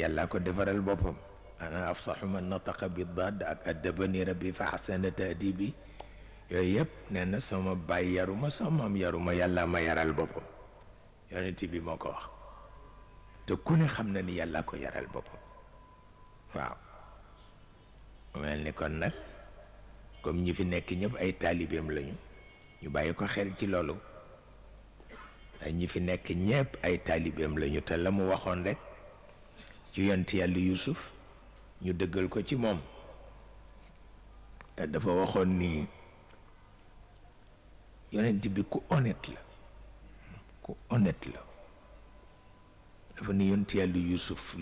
yàllaa ko defaral boppam ana afsaxu man nataqa bi daad ak addabani rabbi fa xasana taadibi yooyu yëpp nee na sama baay yaruma sama maam yaruma yàlla ma yaral boppam yonent bi moo ko wax te ku ne xam na ni yàlla ko yaral boppam waaw mel ni kon nag comme ñi fi nekk ñëpp ay taalibeem lañu ñu bàyyi ko xel ci loolu ay ñi fi nekk ñëpp ay taalibeem lañu te la mu waxoon rek ci ñu ko ci dafa ni bi honnête la honnête la dafa ni yusuf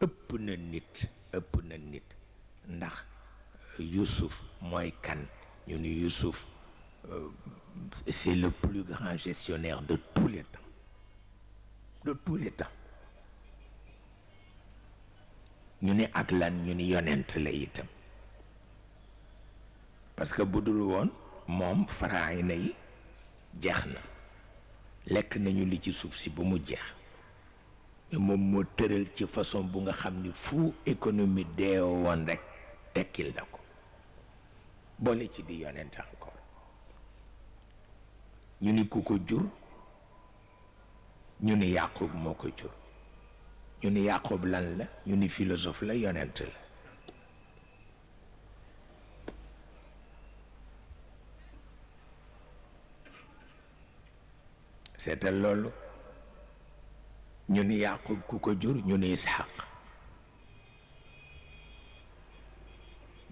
ëpp na nit ëpp na nit ndax yusuf kan ñu ni yusuf euh, c'est le plus grand gestionnaire de tous les temps de tous les ñu ni ak lan ñu ni yonent la itam parce que bu woon moom faraay na yi jeex na lekk nañu li ci suuf si ba mu jeex mais moom moo tëral ci façon bu nga xam ni fu économie dee woon rek tekkil na ko boole ci di yonent encore ñu ni ku ko jur ñu ni yàqub moo ko jur ñu ni yàqub lan la ñu ni philosophe la yonent la seetal loolu ñu ni yàqub ku ko jur ñu ni isxaq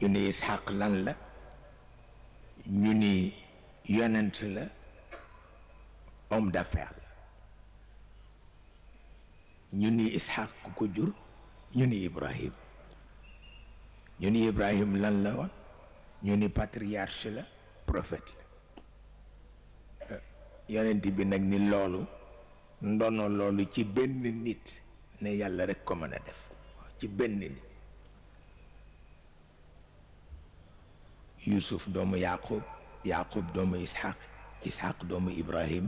ñu ni isxaq lan la ñu ni yonent la homme d'affaires ñu ni Isxaq ku ko jur ñu ni Ibrahim ñu ni Ibrahim lan la woon ñu ni patriarche la prophète la euh, yonent bi nag ni loolu ndono loolu ci benn nit ne yàlla rek ko mën a def ci benn nit Yuusuf doomu Yaaqub Yaaqub doomu Isxaq Isxaq doomu Ibrahim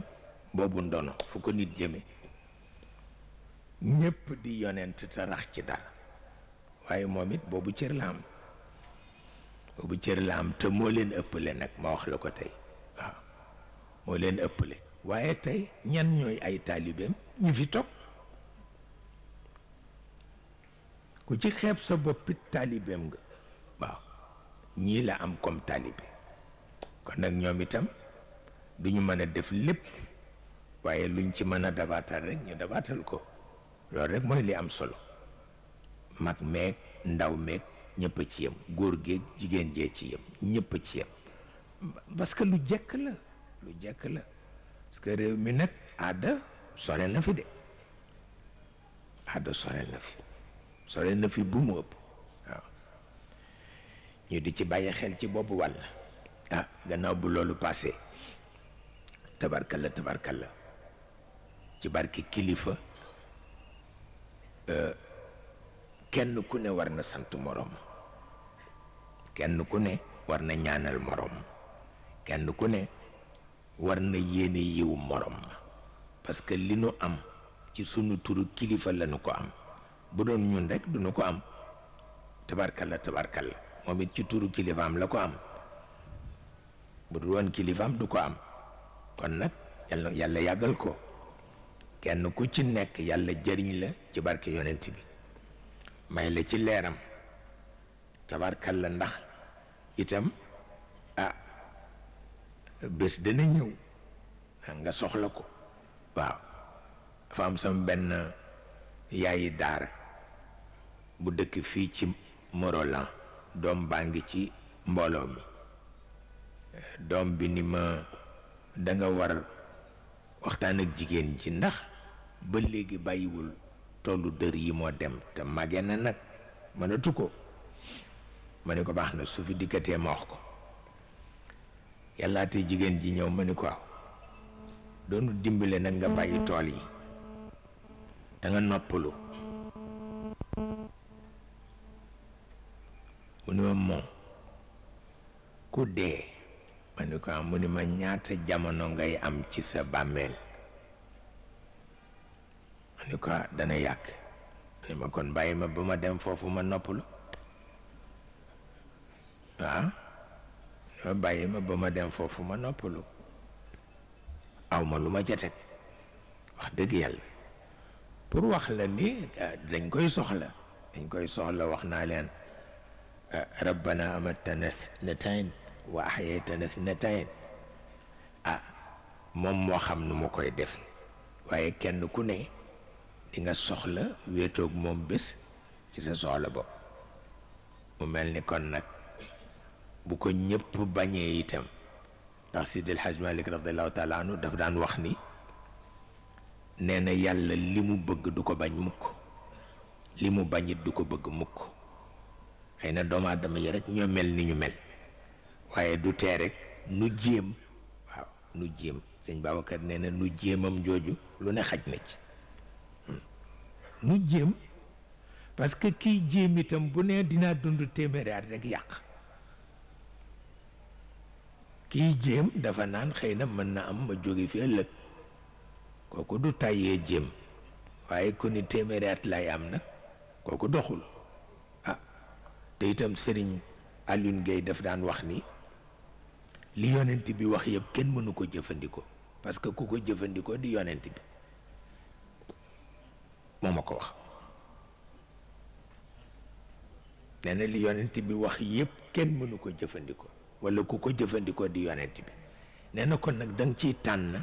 boobu ndono fu ko nit jëme ñépp di yonent te ci dara waaye moom it boobu cër la am boobu cër la am te moo leen ëppale nag ma wax la ko tey waaw moo leen ëppale waaye tey ñan ñooy ay taalibeem ñi fi toog ku ci xeeb sa boppit taalibeem nga waaw ñii la am comme taalibe kon nag ñoom itam du ñu mën a def lépp waaye luñ ci mën a dabaatal rek ñu dabaatal ko loolu rek mooy li am solo mag meeg ndaw meeg ñëpp ci yem góor géeg jigéen jee ci yem ñëpp ci yem parce que lu jekk la lu jekk la parce que réew mi nag aada soreel na fi de aada soreel na fi soreel na fi bu mu ëpp waaw ñu di ci bàyyi xel ci boobu wàll ah gannaaw bu loolu passé tabarkalla la ci barki kilifa Euh, kenn ku ne war na santu moroom kenn ku ne war na ñaanal morom kenn ku ne war na yéene yiw moroom parce que li nu am ci sunu turu kilifa la nu ko am bu doon ñun rek du nu ko am tabarkalla tabarkalla moom it ci turu kilifaam la ko am bu dul woon kilifaam du ko am kon nag yàlla yàlla yàggal ko kenn ku ci nekk yàlla jëriñ la ci barke yonent bi may la ci leeram tabarkal la ndax itam ah bés dana ñëw nga soxla ko waaw dafa am sama benn yaayi daara bu dëkk fii ci Morolan doom baa ngi ci mbooloo mi doom bi ni ma danga nga war waxtaan ak jigéen ji ndax ba léegi bàyyiwul tollu dër yi moo dem te màggee na nag mënatu ko ma ne ko baax na su fi dikkatee ma wax ko yàllaa te jigéen ji ñëw ma ni ko doonu dimbale nag nga bàyyi tool yi da nga noppalu mu ni ma moom ku dee ma ni ko am ah, mu ni ma ñaata jamono ngay am ci sa bàmmeel ni ko dana yàgg ni ma kon bàyyi ma ba ma dem foofu ma noppalu waaw ma bàyyi ma ba ma dem foofu ma noppalu aw ma lu ma ca teg wax dëgg yàlla pour wax la ni dañ koy soxla dañ koy soxla wax naa leen rabbana amatana natayn wa ahyaytana natayn ah moom moo xam nu mu koy def waaye kenn ku ne di soxla wéetoog moom bés ci sa soxla bopp mu mel ni kon nag bu ko ñëpp bañee itam ndax Seydi El Hadj Malick radiallahu taala anhu daan wax ni nee na yàlla li mu bëgg du ko bañ mukk li mu bañit du ko bëgg mukk xëy na doomu aadama yi ñoo mel ni ñu mel waaye du tee rek nu jéem waaw nu jéem sëñ Babacar nee na nu jéemam jooju lu ne xaj na ci nu jéem parce que kii jéem itam bu nee dinaa dund téeméeri at rek yàq kii jéem dafa naan xëy na mën na am ma jóge fi ëllëg kooku du tàyyee jéem waaye ku ni téeméeri at lay am na kooku doxul ah te itam sëriñ Alioune Gueye daf daan wax ni li yonent bi wax yëpp kenn mënu ko jëfandikoo parce que ku ko jëfandikoo di yonent bi moo ma ko wax nee na li yonent bi wax yépp kenn mënu ko jëfandikoo walla ku ko jëfandikoo di yonent bi nee na kon nag danga ciy tànn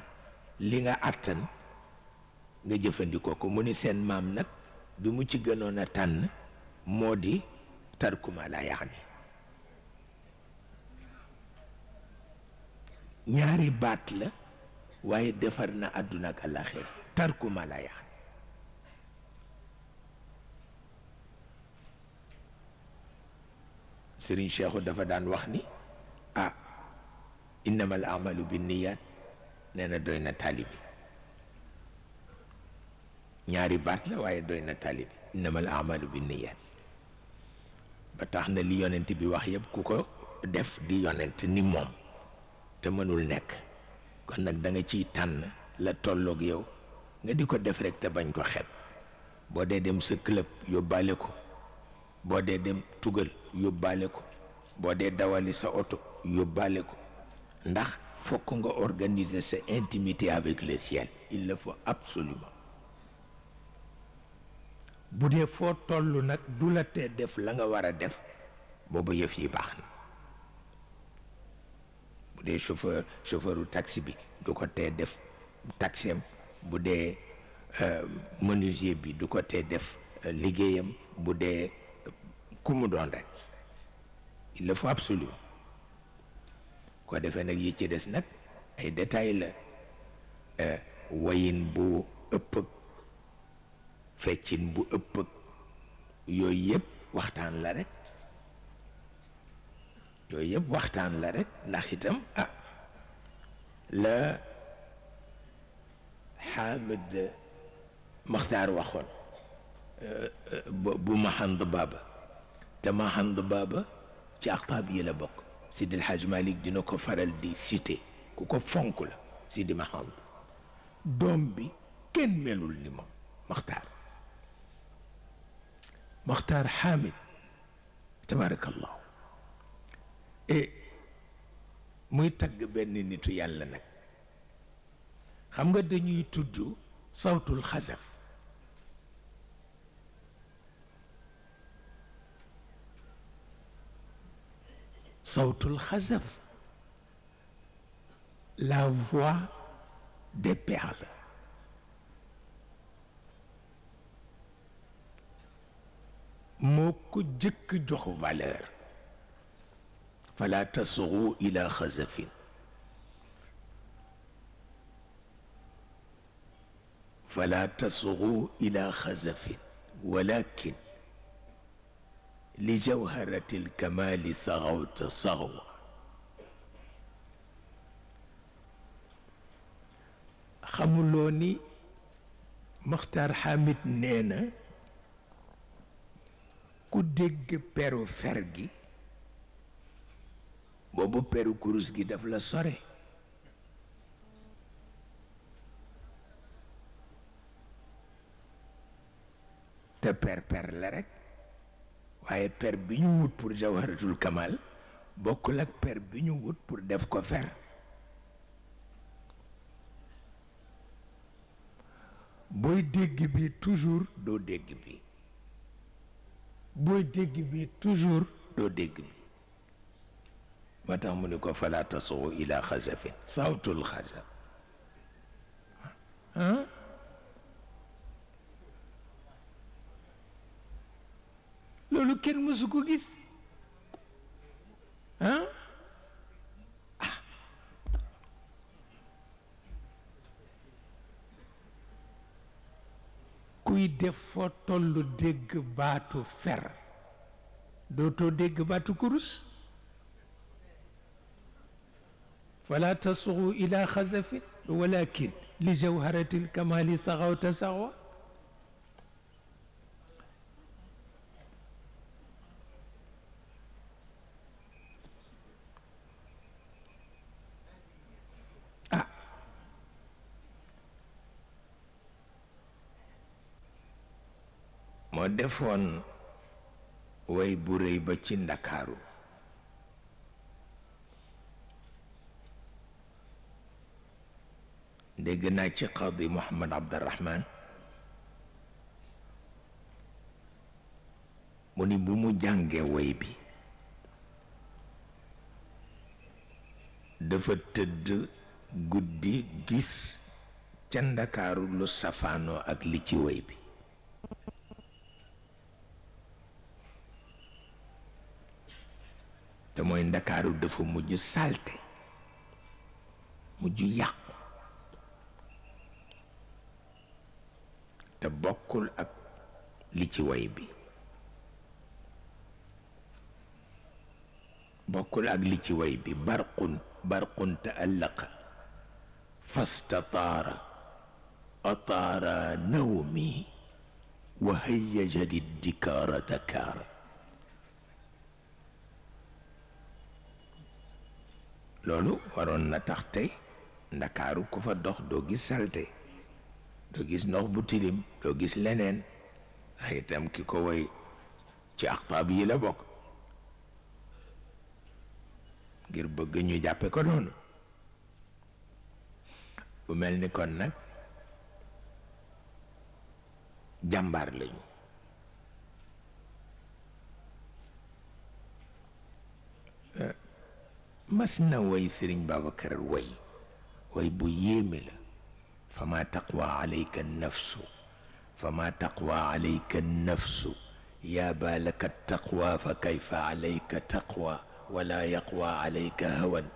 li nga àttan nga jëfandikoo ko mu ni seen maam nag bi mu ci gënoon a tànn moo di tarkuma la yax ni ñaari baat la waaye defar na àdduna ak àllaaxira tarkuma la yax سرين شيخو دفا دان وخني آه. انما الاعمال بالنيات نانا دوينا طالبي نياري بات لا واي دوينا طالبي انما الاعمال بالنيات با تخنا لي يوننت بي واخ ياب كوكو ديف دي يوننت ني موم تا منول نيك كون نك داغا تي تان لا تولوك يو nga diko def rek te bañ ko xet bo de dem sa club yobale ko yóbbaale ko boo dee dawali sa auto yóbbaale ko ndax fokk nga organiser sa intimité avec le ciel il le faut absolument Boudé fo tollu nak nag du def la nga wara def bobu yef yi baxna na chauffeur chauffeuru taxi bi du ko té def taxem bu euh menuisier bi du ko té def ligéyam bu dee don rek il le faut absolu ko defee nak yi ci dess nak ay détails la euh wayin bu ëpp ak bu ëpp yoy yooyu yëpp waxtaan la rek yoy yëpp waxtan la rek ndax itam ah la Xaamid Maxtaar waxoon bu Mahand بابا تما Mahand بابا ci ak paab yi la bok sidil haj malik dina ko faral di cité ku ko fonk la Sidi Mahal dom bi ken melul ni moom Makhtar Makhtar Hamid tabarakallahu e muy tag ben nitu yàlla nak xam nga dañuy tuddu sawtul khazaf صوت الخزف لا فوا دي بيرل موكو جيك جوخ فالير فلا تصغوا الى خزف فلا تصغوا الى خزف ولكن لجوهرة الكمال صغوت صغوة خمولوني مختار حامد نينا كدق بيرو فرغي بابو بيرو كروس جي دفلا صاري تبير بير لرك waaye per bi ñu wut pour jawharatul kamal bokkul ak per bi ñu wut pour def ko fer booy dégg bi toujours doo dégg bi booy dégg bi toujours doo dégg bi moo tax mu ni ko falaa tasoo ila xasafin sawtul xasaf loolu kenn mësu ko gis ah kuy def foo tollu dégg baatu fer dootoo dégg baatu kurus fala tasxu ila xasafin walakin li jawharatil kamali saxawta saxwa defoon way bu rëy ba ci ndakaaru dégg naa ci qadi Mouhamad Abdurahman mu ni bu mu jàngee woy bi dafa tëdd guddi gis ca ndakaaru lu safaanoo ak li ci woy bi te moy dakaru defu muju salte muju yàqu te bokul ak li ci way bi bokul ak li ci way bi barqun barqun ta'allaq fastatara ataara nawmi وهيج للدكار دكاره loolu waroon na tax tey ndakaaru ku fa dox doo gis salte doo gis ndox bu tilim doo gis leneen ndax itam ki ko woy ci aqtaab yi la bokk ngir bëgg ñu jàppe ko noonu bu mel ni kon nag jàmbaar lañu mas na way sëriñ Babacar way way bu yéeme la fa ma taqwa alayka nafsu fa ma taqwa alayka nafsu yaa baalaka taqwa fa kayfa alayka taqwa wala yaqwa alayka hawan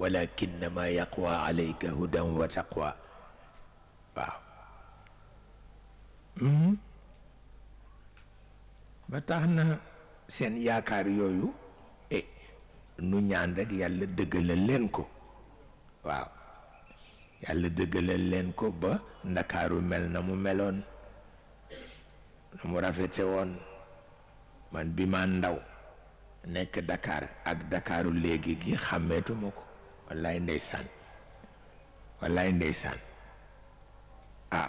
walakinnamaa yaqwa alayka hudan wa taqwa waaw hmm? ba tax na seen yaakaar yooyu nu ñaan rek yàlla dëggalal leen ko waaw yàlla dëggalal leen ko ba ndakaaru mel na mu meloon na mu rafete woon man bi ma ndaw nekk dakaar ak dakaaru léegi gi xàmmeetuma ko wallaay ndeysaan wallaay ndeysaan ah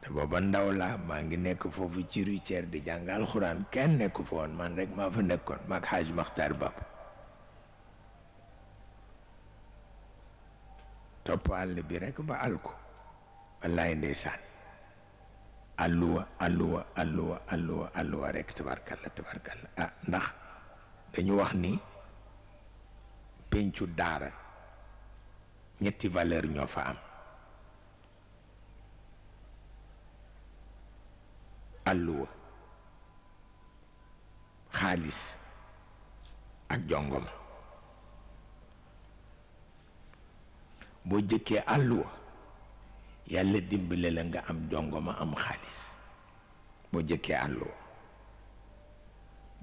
te booba ndaw la maa ngi nekk foofu ci rue di jàngal xuraan kenn nekku fa woon man rek maa fa nekkoon maag Haaj Maxtaar Bab topp àll bi rek ba àll ko wallaay ndeysaan àlluwa àlluwa àlluwa àlluwa àlluwa rek tabarkalla tabarkalla ah ndax dañu wax ni pencu daara ñetti valeur ñoo fa am àlluwa xaalis ak jongama boo jëkkee àlluwa yàlla dimbale la nga am jongoma am xaalis boo jëkkee àlluwa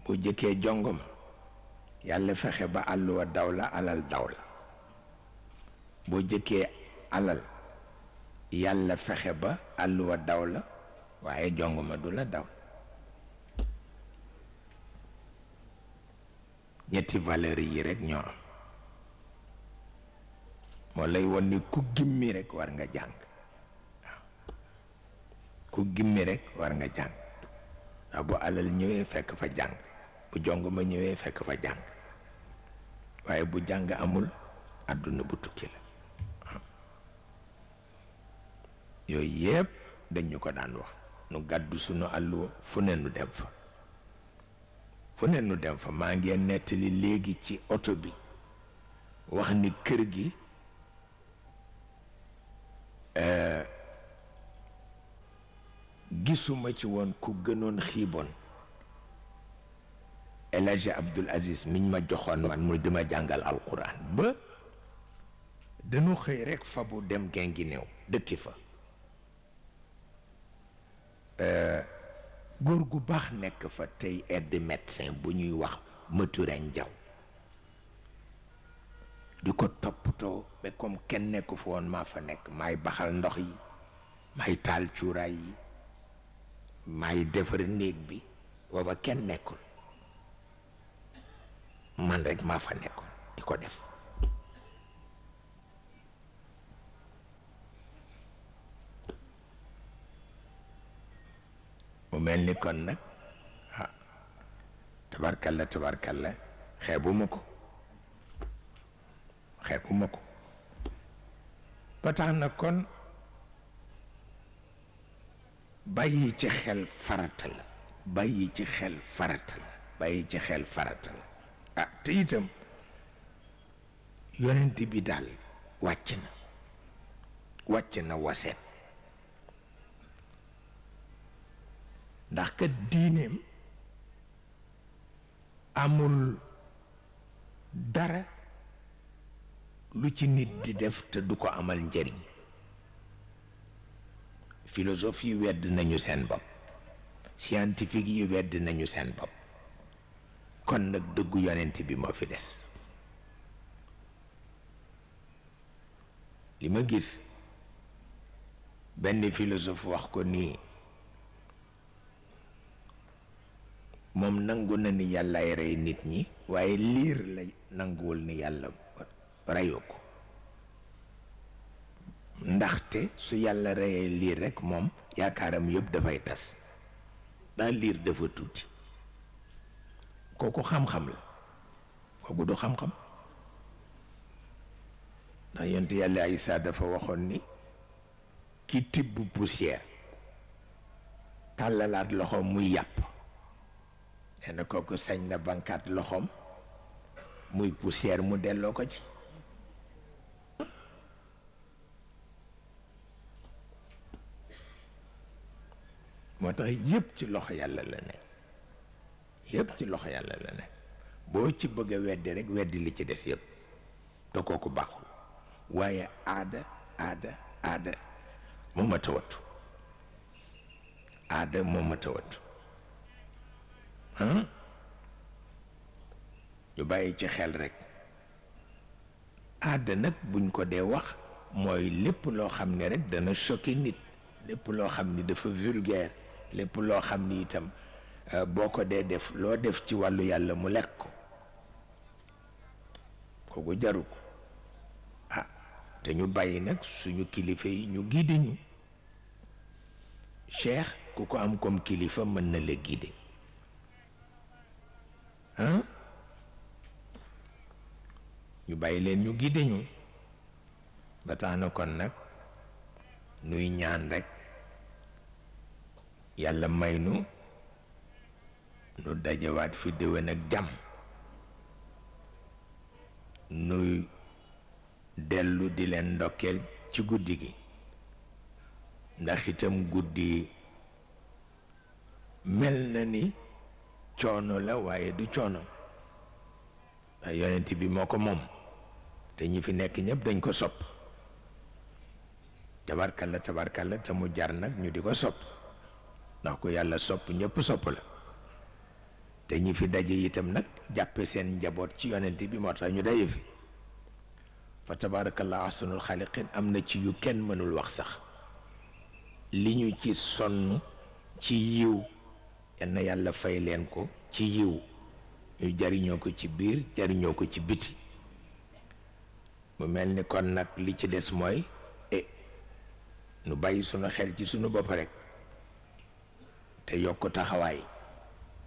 boo jëkkee jongoma yàlla fexe ba àlluwa daw la alal daw la boo jëkkee alal yàlla fexe ba àlluwa daw la waaye jongoma du la daw ñetti valeur yi rekk ñorom moo lay won ni ku gimmi rek war nga jàng waaw ku gimmi rekk war nga jàng waaw bu alal ñëwee fekk fa jàng bu jong ma ñëwee fekk fa jàng waaye bu jàng amul àdduna bu tukki la yooyu yépp dañu ko daan wax nu gàddu sunu àlluwa fu ne nu dem fa fu ne nu dem fa maa ngeen nettali léegi ci oto bi wax ni kër gi Euh, gisuma ci woon ku gënoon xiiboon El Hadji Abdoul Aziz miñ ma joxoon man muy dima jàngal alquran ba dañu xëy rekk fa bu dem Guinguinéo dëkki fa euh, góor gu baax nekk fa tey aide médecin bu ñuy wax Mathurin Diaw diko ko be mais comme kenn nekku fa woon maa fa nek may baxal ndox yi may tal cuuraay yi may defer neeg bi booba ken nekul man rek ma fa nek diko def mu melni kon nak ah tabarkalla tabarkalla xeebuma ko xeebuma ko ba tax na kon bàyyi ci xel farata la bàyyi ci xel farata la bàyyi ah te itam yonent bi daal wàcc na wàcc na waseet ndax kat diineem amul dara lu ci nit di def te du ko amal njëriñ filosof yi wedd nañu seen bopp scientifique yi wedd nañu seen bopp kon nag dëggu yonent bi moo fi des li ma gis benn philosophe wax ko nii moom nangu na ni yàllaay rey nit ñi waaye liir la nanguwul ni yàlla reyu ko ndaxte su yàlla reyee liir rekk moom yaakaaram yëpp dafay tas daa liir dafa tuuti kooku xam-xam la kooku du xam-xam ndax yonent yàlla Isaa dafa waxoon ni ki tibb poussière tàllalaat loxoom muy yàpp nee na kooku sañ na bankaat loxoom muy poussière mu delloo ko ci moo tax yëpp ci loxo yàlla la nekk yëpp ci loxo yàlla la nekk boo ci bëgg a weddi rek weddi li ci des yëpp te ko baaxul waaye aada aada aada moo ma tawatu aada moom ma tawatu ñu bàyyi ci xel rek aada nag buñ ko dee wax mooy lépp loo xam ne rek dana choqué nit lépp loo xam ni dafa vulgaire lépp loo xam ni itam euh, boo ko dee def loo def ci wàllu yàlla mu lekk ko kooku jaru ko ah te ñu bàyyi nag suñu kilifa yi ñu giddi ñu ku ko am comme kilifa mën na la gidde ñu bàyyi leen ñu gidde ñu ba tax na kon nag nuy ñaan rek yàlla may nu nu dajawaat fi déwén ak jàmm nuy dellu di leen ndokkeel ci guddi gi ndax itam guddi mel na ni coono la waaye du coono waaye yonent bi moo ko moom te ñi fi nekk ñëpp dañ ko sopp tabarkalla tabarkalla te mu jar nag ñu di ko sopp ndax ko yàlla sopp ñëpp sopp la te ñi fi daje itam nag jàppe seen njaboot ci yonent bi moo tax ñu daje fi fa tabarakallah ahsanul xaaliqin am na ci yu kenn mënul wax sax li ñu ci sonn ci yiw yal yàlla fay leen ko ci yiw ñu jariñoo ko ci biir jariñoo ko ci biti mu mel ni kon nag li ci des mooy e nu bàyyi sunu xel ci sunu bopp rek te yokk taxawaay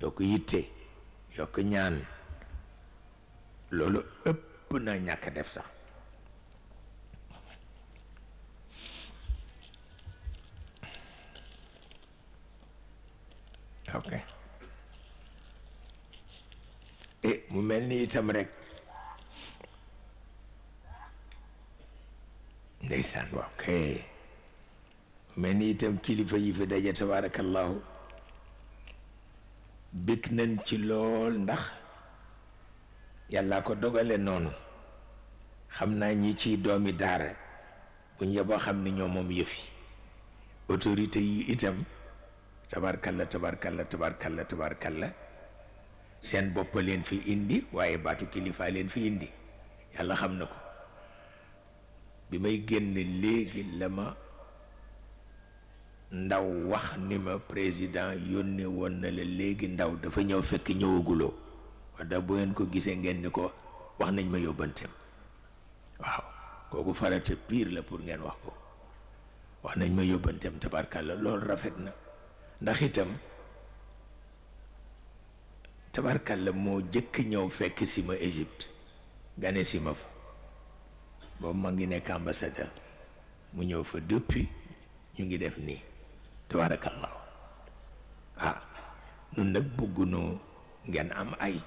yokk yitte yokk ñaan loolu ëpp na ñàkk def sax ok eh, mu mel ni itam rek ndeysaan waaw kay mu mel ni itam kilifa yi fi daje tabarakallahu bég nañ ci lool ndax yàlla ko dogale noonu xam naa ñi ciy doomi daara bu ñu yeboo xam ni ñoo moom yëfi autorité yi itam tabarkalla tabarkalla tabarkalla la seen bopp leen fi indi waaye baatu kilifa leen fi indi yàlla xam na ko bi may génn léegi la ma ndaw wax ni ma président yónnee woon na la léegi ndaw dafa ñëw fekk ñëwaguloo wala bu ngeen ko gisee ngeen ni ko wax nañ ma yóbbanteem waaw kooku farata pire la pour ngeen wax ko wax nañ ma yóbbanteem tabarkalla loolu rafet na ndax itam tabarkalla moo jëkk ñëw fekk si ma Égypte gane si ma fa boobu ma ngi nekk ambassadeur mu ñëw fa depuis ñu ngi def nii tabarakallah ah nun nag bëggunu ngeen am ay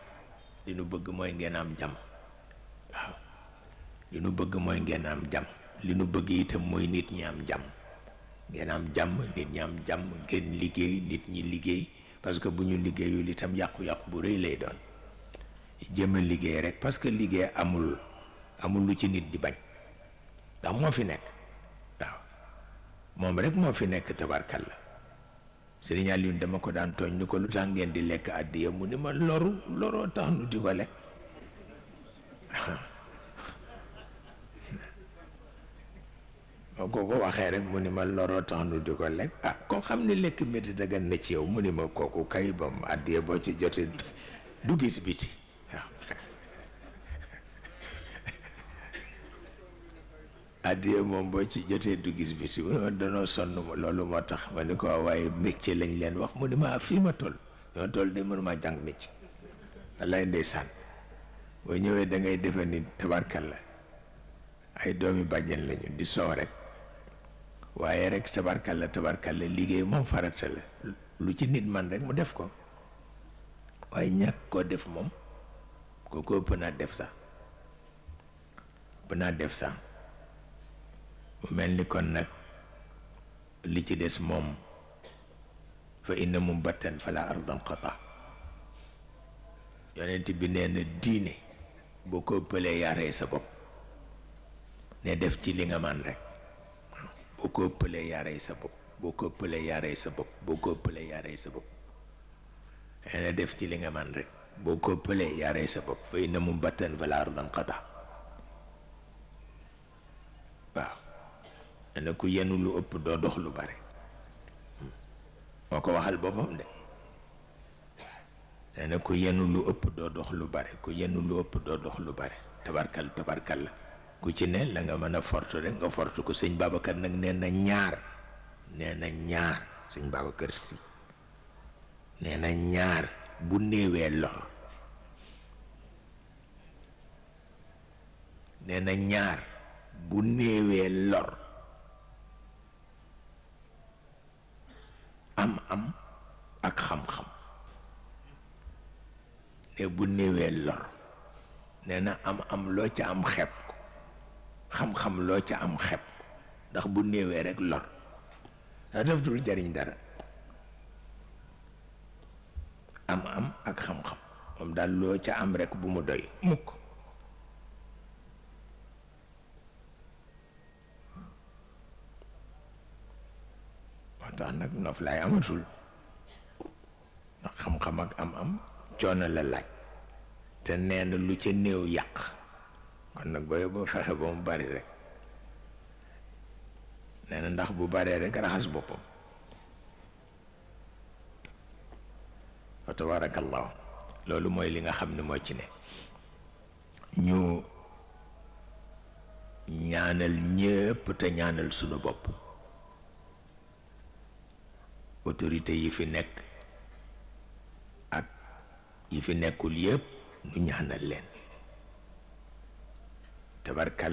li nu bëgg mooy ngeen am jàmm waaw ah, li nu bëgg mooy ngeen am jàmm li nu bëgg itam mooy nit ñi am jàmm ngeen am jàmm nit ñi am jàmm ngeen liggéey nit ñi liggéey parce que bu ñu liggéeyul itam yàqu-yàqu bu rëy lay doon jéem liggéey rek parce que liggéey amul amul lu ci nit di bañ dax moo fi nekk moom rek moo fi nekk tabarkal la sëriñ Aliou dama ko daan tooñ ni ko lu tax ngeen di lekk àddiya mu ni ma loru loroo tax nu di ko lekk moo ko ko waxee rek mu ni ma loroo tax nu di ko lekk ah koo xam ne lekk métti gan na ci yow mu ni ma kooku kay àddiya boo ci jotee du gis biti addiye moom boo ci jotee du gis biti ma danoo sonn ma loolu moo tax ma ni ko waaye métier lañ leen wax mu ni ma ah, fii ma toll ñoo toll de mënuma jàng métier wallaay ndeysaan boo ñëwee da ngay defe nit tabarkal la ay doomi bàjjen lañu di soow rek waaye rek tabarkal la tabarkal la liggéey moom farata la lu ci nit man rek mu def ko waaye ñàkk koo def moom kooku ëpp naa def sax ëpp naa def sax mu mel ni kon nag li ci des moom fa inna mumbatan fala ardan qata yonent bi nee na diine boo ko ëppalee yaaree sa bopp ne def ci li nga man rek boo ko ëppalee yaaree sa bopp boo ko ëppalee sa bopp boo def ci li nga man rek boo ko ëppalee yaaree sa bopp fa inna mumbatan fala ardan qata waaw na ku yenu lu ëpp doo dox lu bare moo ko waxal boppam de nee na ku yenu lu ëpp doo dox lu bare ku yenu lu ëpp doo dox lu bare tabarkal tabarkal la ku ci ne la nga mën a fort rek nga fort ko sëñ Babacar nag nee na ñaar nee na ñaar sëñ Babacar si nee na ñaar bu néewee lor nee ñaar bu néewee lor am-am ak xam-xam ne bu néewee lor nee na am-am loo ca am xeeb ko xam-xam loo ca am xeeb ndax bu néewee rek lor ndax daf dul jariñ dara am-am ak xam-xam moom daal loo ca am rekk bu mu doy mukk tax nag noflaay amatul ndax xam-xam ak am-am coono la laaj te nee lu ca néew yàq kon nag booy boo fexe ba mu bari rek nee ndax bu baree rek raxas boppam wa tabarakallahu loolu mooy li nga xam ne moo ci ne ñu ñaanal ñëpp te ñaanal sunu bopp autorité yi fi nekk ak yi fi nekkul yépp nu ñaanal leen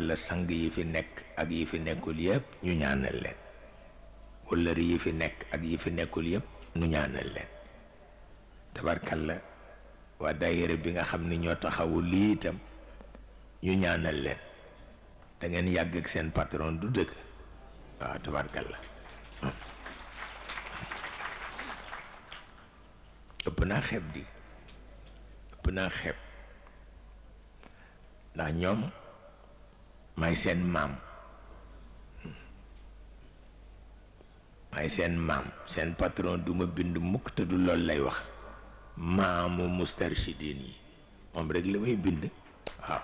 la sang yi fi nekk ak yi fi nekkul yépp ñu ñaanal leen wëllëri yi fi nekk ak yi fi nekkul yépp nu ñaanal leen tabarkalla waa daayira bi nga xam ni ñoo taxawu lii itam ñu ñaanal leen da ngeen yàgg ak seen patron du dëkk waaw la ëpp naa xeeb di ëpp naa xeeb ndax ñoom may seen maam may seen maam seen patron du bind mukk te du loolu lay wax maamu mustarshidin yi moom rek la may bind waaw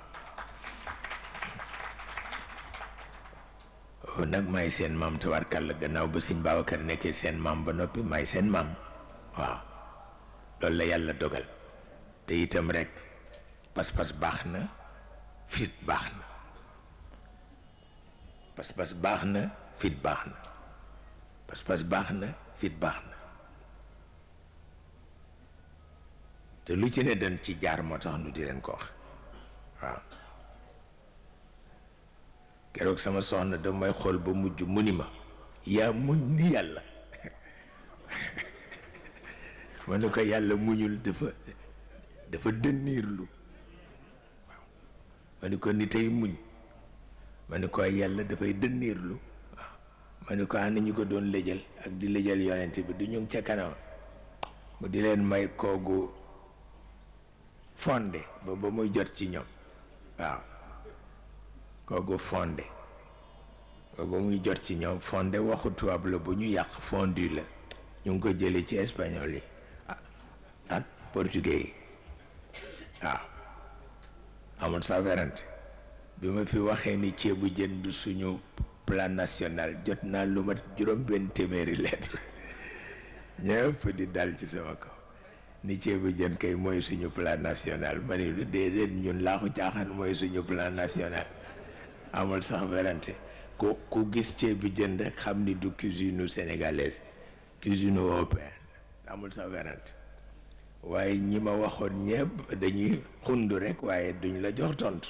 oo oh, nag may seen maam tabarkàlla gannaaw ba sëñ Babacar nekkee seen maam ba noppi may seen maam waaw loolu la yàlla dogal te itam rek pas-pas baax na fit baax na pas-pas baax na fit baax na pas-pas baax na fit baax te lu ci ne ci jaar moo tax nu di leen ko wax waaw keroog sama soxna damay xool ba mujj mu ni ma yaa muñ ni yàlla ma ne ko yàlla muñul dafa dafa dënniirlu waaw ma ne ko ni tey muñ ma ne ko yàlla dafay dënniirlu waaw ma ne ko am nañu ko doon lëjal ak di lëjal yonent bi du ñu ca kanam mu di leen may koogu fonde ba ba muy jot ci ñoom waaw koogu fonde ba ba muy jot ci ñoom fonde waxu tubaab la bu ñu yàq fondu la ñu ngi ko jële ci espagnol yi portugais yi waaw amul sa werante bi ma fi waxee ni ceebu jën du suñu plan national jot naa lu mat juróom benn téeméeri lettre ñëpp di dal ci sama kaw ni ceebu jën kay mooy suñu plan national ma ni lu déedéet ñun laaxu caaxaan mooy suñu plan national amul sax werante ku ku gis ceebu jën rek xam ni du cuisine sénégalaise cuisine européenne amul sax werante waaye ñi ma waxoon ñëpp dañuy xund rek waaye duñ la jox tontu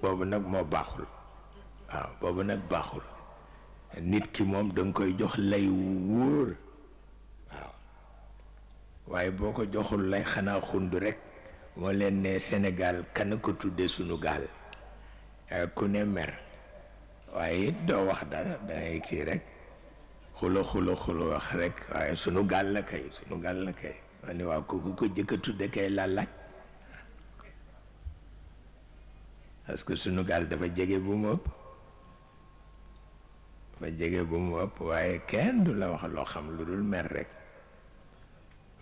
boobu nag moo baaxul waaw boobu nag baaxul nit ki moom danga koy jox lay wóor waaw waaye boo ko joxul lay xanaa xund rek moo leen ne Sénégal kana ko tuddee sunu gaal eh, ku ne mer waaye it doo wax dara dangay kii rek xulo xulo xulo wax rek waaye sunu gaal la kay sunu gaal la kay ma ne waaw kooku ko jëkka tudde kay laa laaj parce que sunu gaal dafa jege bu mu ëpp dafa jege bu mu ëpp waaye kenn du la wax loo xam lu dul mer rek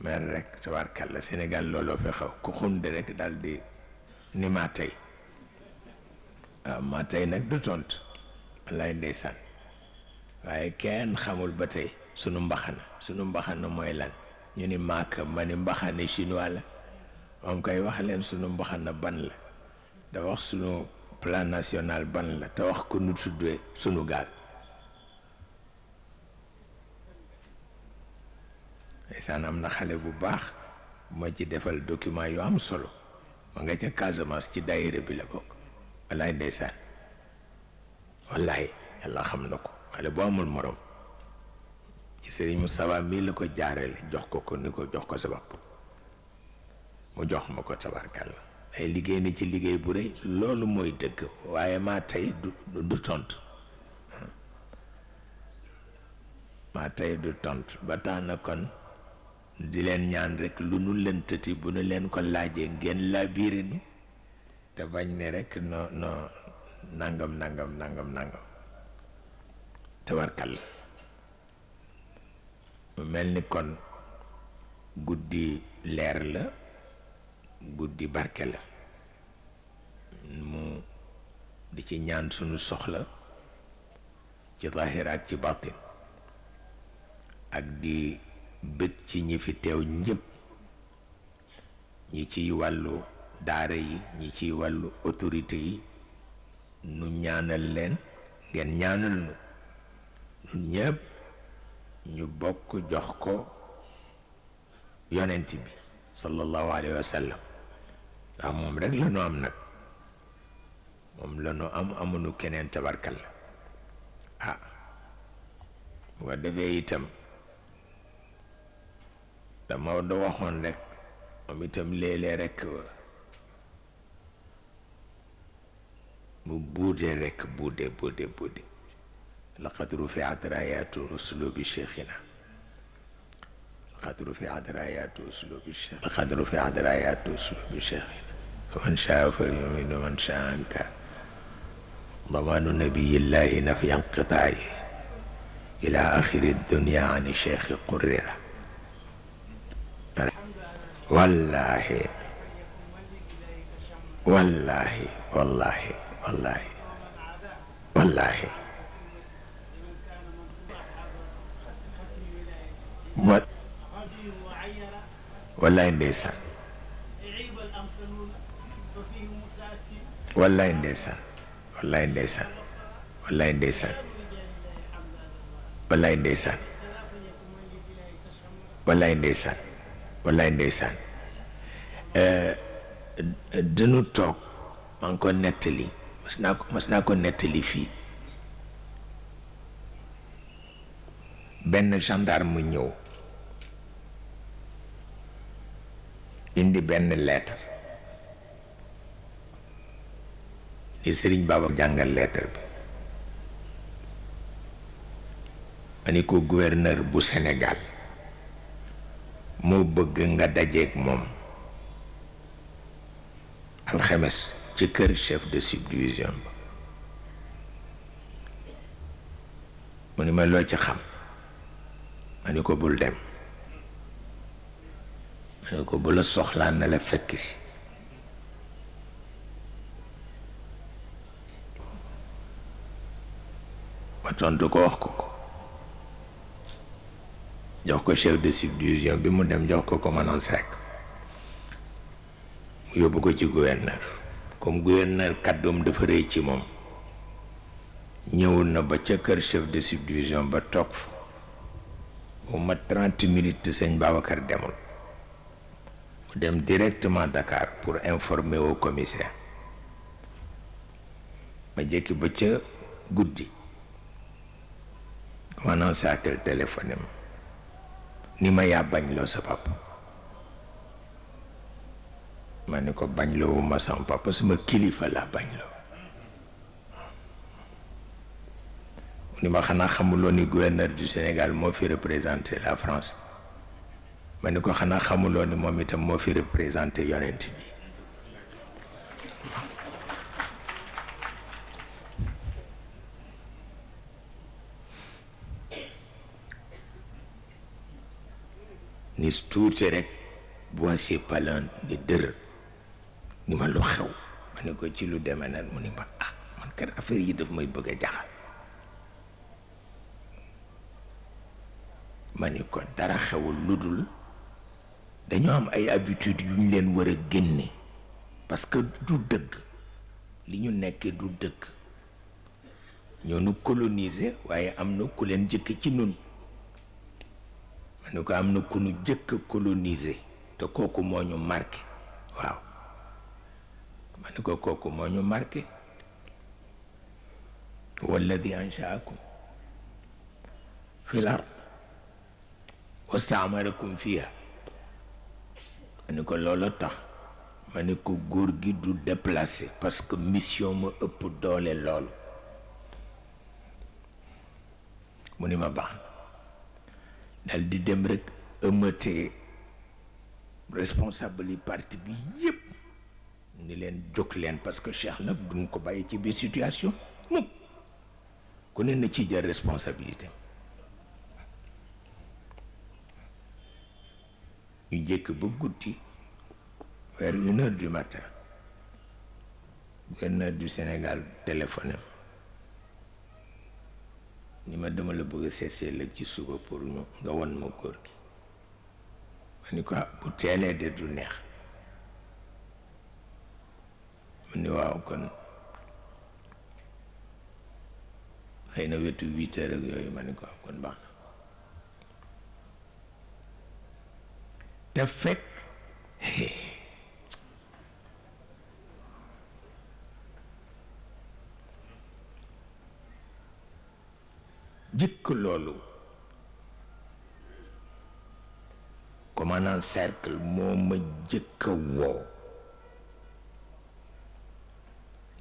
mer rek tabarkàlla Sénégal looloo fi xaw ku xunde rek daal di ni maa tey waaw ah, maa tey nag du tontu wallaay ndeysaan waaye kenn xamul ba tey sunu mbaxana sunu mbaxana mooy lan ñu ni maaka ma ni mbaxane chinois la moom koy wax leen sunu mbaxana ban la da wax sunu plan national ban la te wax ku nu tuddee sunu gaal ndeysaan am na xale bu baax ma ci defal document yu am solo ma nga ca Casamance ci daayira bi la bokk wallaay ndeysaan wallaay yàlla xam na ko xale bu amul moroom ci sëriñ Moustapha mii la ko jaarale jox ko ko ni ko jox ko sa bopp mu jox ma ko la ay liggéey ni ci liggéey bu rëy loolu mooy dëgg waaye maa tey du du tontu maa tey du tontu ba tax na kon di leen ñaan rek lu nu leen tëti bu nu leen ko laajee ngeen laa biire ni te bañ ne rek no no nangam nangam nangam nangam tabarkalla mu mel ni kon guddi leer la guddi barke la mu di ci ñaan sunu soxla ci zahir ci batin ak di bët ci ñi fi teew ñëpp ñi ciy wàllu daara yi ñi ciy wàllu autorité yi nu ñaanal leen ngeen ñaanal nu ñun ñu bokk jox ko yonent bi sallallahu alayhi wa sallam ndax moom rek la nu am nag moom la nu am amuñu keneen tabarkal la ah bu ko defee itam dama da waxoon rek moom itam léeg-léeg rek mu buudee rek buude buude buude لقد رفعت رايات اسلوب شيخنا لقد رفعت رايات اسلوب الشيخ لقد رفعت رايات اسلوب شيخنا ومن شاء فليؤمن ومن شاء انكر ضمان نبي الله نفي انقطاعه الى اخر الدنيا عن الشيخ قرر والله والله والله والله والله, والله wa wallaay ndeysaan wallaay ndeysaan wallaay ndeysaan wallaay ndeysaan wallaay ndeysaan wallaay ndeysaan wallaay ndeysaan eh, dañu toog maa ngi ko nettali mas naa ko mas naa ko nettali fii benn gendarme mu ñëw indi benn leetar ni sëriñ Baba jàngal leetar bi ma ni ko gouverneur bu Sénégal moo bëgg nga dajeek moom alxemes ci kër chef de subdivision ba mu ni ma loo ci xam ma ni ko bul dem ne ko bu la soxlaa na la fekk si ma tontu ko wax ko ko jox ko chef de subdivision bi mu dem jox ko ko Seck mu yóbbu ko ci gouverneur comme gouverneur kàddoom dafa rëy ci moom ñëwul na ba ca kër chef de subdivision ba toog fa bu ma trente minutes sëñ Babacar demul Je dem directement Dakar pour informer au commissaire ma à ba Je suis à téléphone Je ni ma à bañ lo sa papa à ko ma Je papa sama kilifa la Je ni ma Je ni gouverneur du Sénégal mo fi représenté la France ma ni ko xanaa xamuloo ni moom itam moo fi représenté yonent bi ni tuuti rek boise palant ni dërër ni ma lu xew ma ni ko ci lu deme nan mu ni ma ah man kat affaire yi daf may bëgg a jaxal ma ni ko dara xewul ludul dañoo am ay habitudes yu ñu leen war a génne parce que du dëgg li ñu nekkee du dëgg ñoo nu coloniser waaye am na ku leen jëkk ci nun ma ne ko am na ku nu jëkk a te kooku moo ñu marqué waaw ma ne ko kooku moo ñu marqué walladi anshaakum fi l ard wa staamarakum fiha ma ko loola tax mané ko gor gui du déplacé parce que mission ma ëpp doolé lool mu ni ma baax dal di dem rek ëmmatee responsable yi parti bi yépp ni len jóg len parce que Cheikh na duñ ko bàyyi ci bi situation mukk ko né na ci jël responsabilité ñu que beaucoup de vers une heure du matin heure du Sénégal téléphoné Il ma dama la bëgg le pour nous. nga ma góor gi ma ni ah, bu de du neex ne ni aucun. kon xëy de 8h heures ak ma ni ko ah, te fekk jikk loolu commandant cercle moo ma jëkk a woo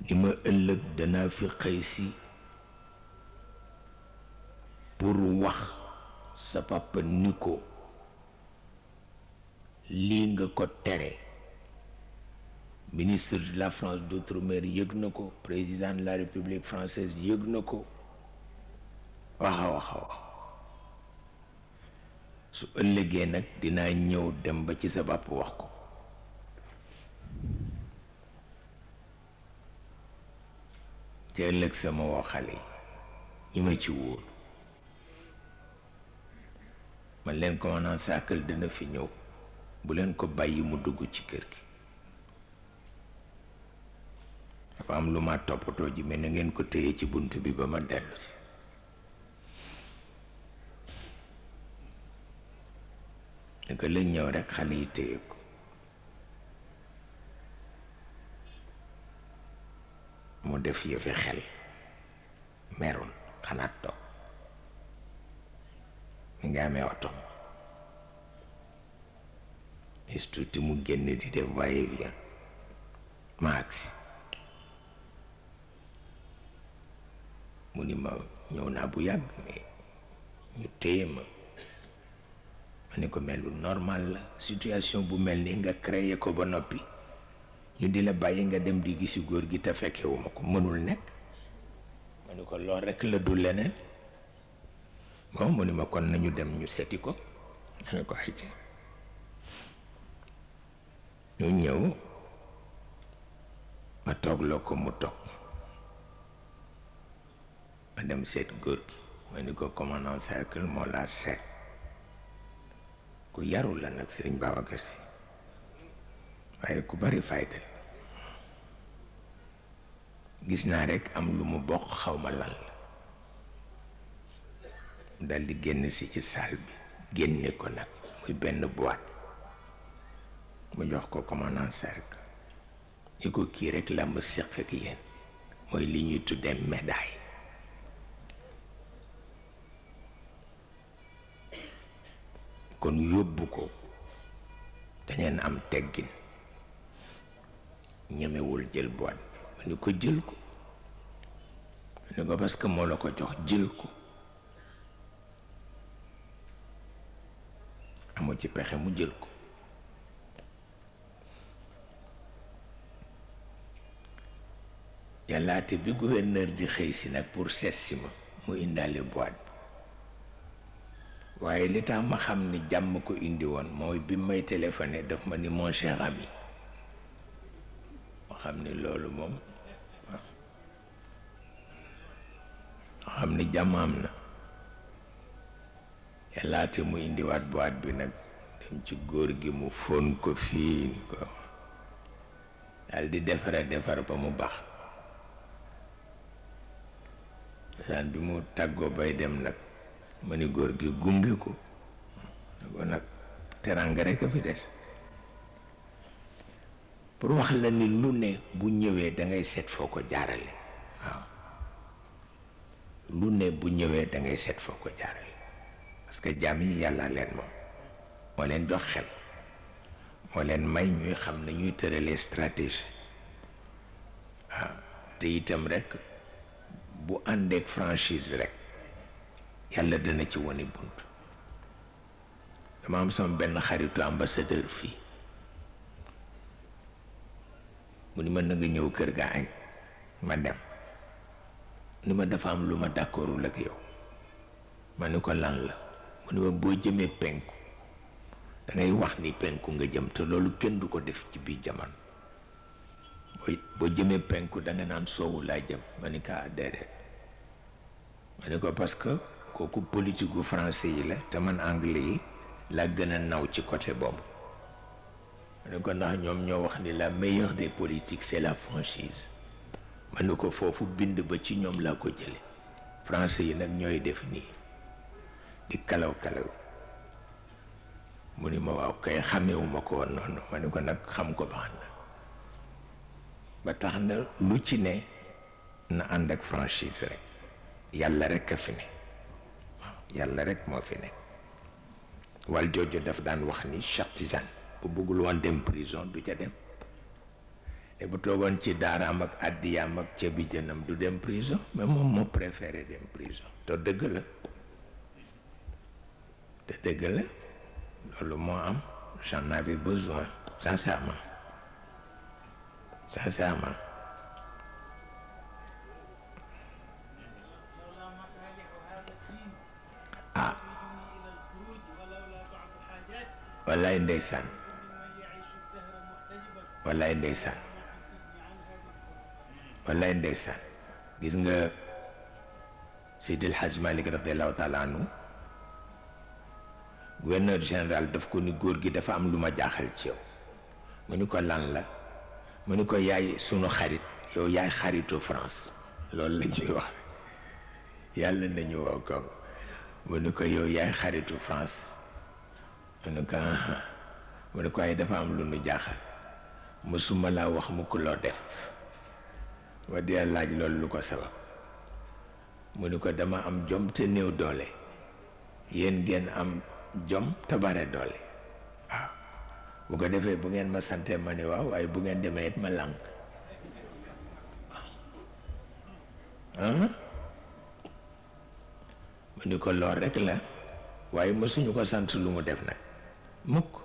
di ma ëllëg danaa fi xëy si pour wax sa papa ni ko lii nga ko tere ministre de la France d'outre-mer yëg na ko président de la République française yëg na ko waxa waxa wax su ëllëgee nag dinaa ñëw dem ba ci sa bàpp wax ko te ëllëg sama waxale ñi ma ci wóor man leen commandant Sakkal dina fi ñëw buleen ko bàyyi mu dugg ci kër gi dafa am lu ma toppatoo ji mais na ngeen ko téye ci bunt bi ba ma dellu si naka ñëw rekk xale yi téye ko mu def yëfi xel merul xanaat toog mi nga amee otom es tuuti mu génne di def waaye bien ma agsi mu ni ma ñëw naa bu yàgg mais ñu téye ma ma ne ko mel normal la situation bu mel ni nga crée ko ba noppi ñu di la bàyyi nga dem di gisi góor gi te fekkewuma ko mënul nekk ma ne ko lool rekk la du leneen bon mu ni ma kon nañu dem ñu seeti ko ma ne ko ay ñu ñëw ma toog loo ko mu toog ma dem seet góor gi ma ni ko commandant cercle moo laa seet ku yarul la nag sëriñ Babacar Si waaye ku bari fayda gis naa rekk am lu mu bokk xaw ma lan la mu génn si ci salle bi génne ko nag muy benn boîte mu jox ko commandant cercle ñu ko kii rek làmb séq ak yéen mooy li ñuy tuddee médaille kon yóbbu ko da am teggin ñemewul jël boîte ma ni ko jël ko ma ni ko parce que moo la ko jox jël ko amu ci pexe mu jël ko yàllaate bi gouverneur di xëy si nag pour seet si ma mu indaale boîte bi waaye li tax ma xam ni jàmm ko indi woon mooy bi may téléphoné daf ma ni mon cher ami ma xam ni loolu moom ma xam ni jàmm am na yàllaate mu indiwaat boîte bi nag dem ci góor gi mu fóon ko fii ni ko daal di defara defar ba mu baax saan bi mu tàggoo bay dem nag ma ni góor gi gunge ko ne ko nag a fi des pour wax la ni lu ne bu ñëwee da seet foo ko jaarale waaw lu ne bu ñëwee da seet foo ko jaarale parce yi yàlla leen moom moo leen jox xel moo leen may ñuy xam ne ñuy tëralee stratégie waaw te itam rek bu àndeek franchise rek yàlla dana ci wone bunt dama am sama benn xaritu ambassadeur fii mu ni ma na nga ñëw kër ga añ ma dem ni ma dafa am lu ma d'accordul ak yow ma ni ko lan la mu ni ma boo jëmee penku dangay wax ni penku nga jëm te loolu kenn du ko def ci biir jamono bo jeme penku da nga nan soowu laa jëm ah, ma ni ko parce que kooku politique français yi la te man anglais la gëna naw ci côté boobu maniko ni ndax ñoo wax ni la meilleure des politiques c'est la franchise ma fofu bind ba ci ñom la ko jële français yi nak ñoy def ni di kalaw kalaw mu ma waaw kay xamé wu mako non maniko nak xam ko baax ba tax na lu ci ne na ànd ak franchise rek yàlla rek a fi ne waaw yàlla rek moo fi ne wal jooju daf daan wax ni Cheikh Tidiane bu bëggul woon dem prison du ca dem te bu toogoon ci daaraam ak àddiyaam ak ca bi jënam du dem prison mais moom moo préféré dem prison te dëgg la te dëgg la loolu moo am j'en avais besoin sincèrement ça c'est à man ah wallaay ndeysaan wallaay ndeysaan wallaay ndeysaan gis nga Seydi El Hadj Malick radiallahu taala anhu gouverneur daf ko ni góor gi dafa am lu ma jaaxal ci yow mu ñu ko lan la mu ni ko yaay sunu xarit yow yaay xaritu France loolu la ñuy wax yàlla nañu woo kaw mu ni ko yow yaay xaritu France mu ni ko ay dafa am lu nu jaaxal mësuma laa wax mukk loo def ma dee laaj loolu lu ko sabab mu ni ko dama am jom te néew doole yéen ngeen am jom te bare doole waaw bu ko defee bu ngeen ma santee ma ni waaw waaye bu ngeen demee it ma lànk mu ni ko lool rek la waaye mësuñu ko sant lu mu def nag mukk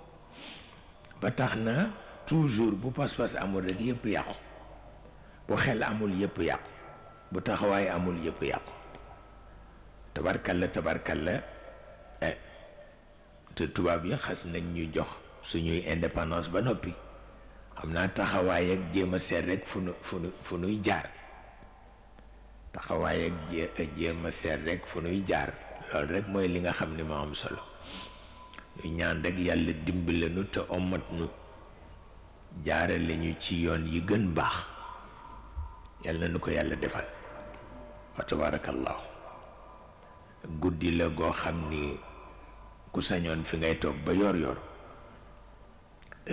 ba tax na toujours bu pas-pas amul rek yëpp yàqu bu xel amul yëpp yàqu bu taxawaay amul yëpp yàqu tabarkalla la eh, te tubaab yi xas nañ ñu jox suñuy indépendance ba nopi amna taxaway ak jema ser funu rek funu funu funuy jaar taxaway ak jema ser rek funuy jaar lol rek moy li nga xamni mo am solo ñu ñaan rek yalla nu te omat nu jaaral ñu ci yoon yi gën bax yalla nu yalla defal wa tabarakallah guddila go xamni ku sañoon fi ngay tok ba yor yor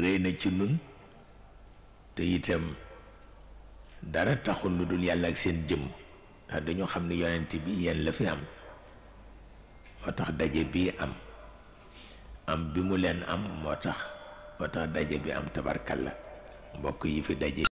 rëy na ci nun te itam dara taxul lu dul yàlla ak seen jëm ndax dañoo xam ne yonent bi yéen la fi am moo tax daje bii am am bi mu leen am moo tax moo tax daje bi am tabarkal la mbokk yi fi daje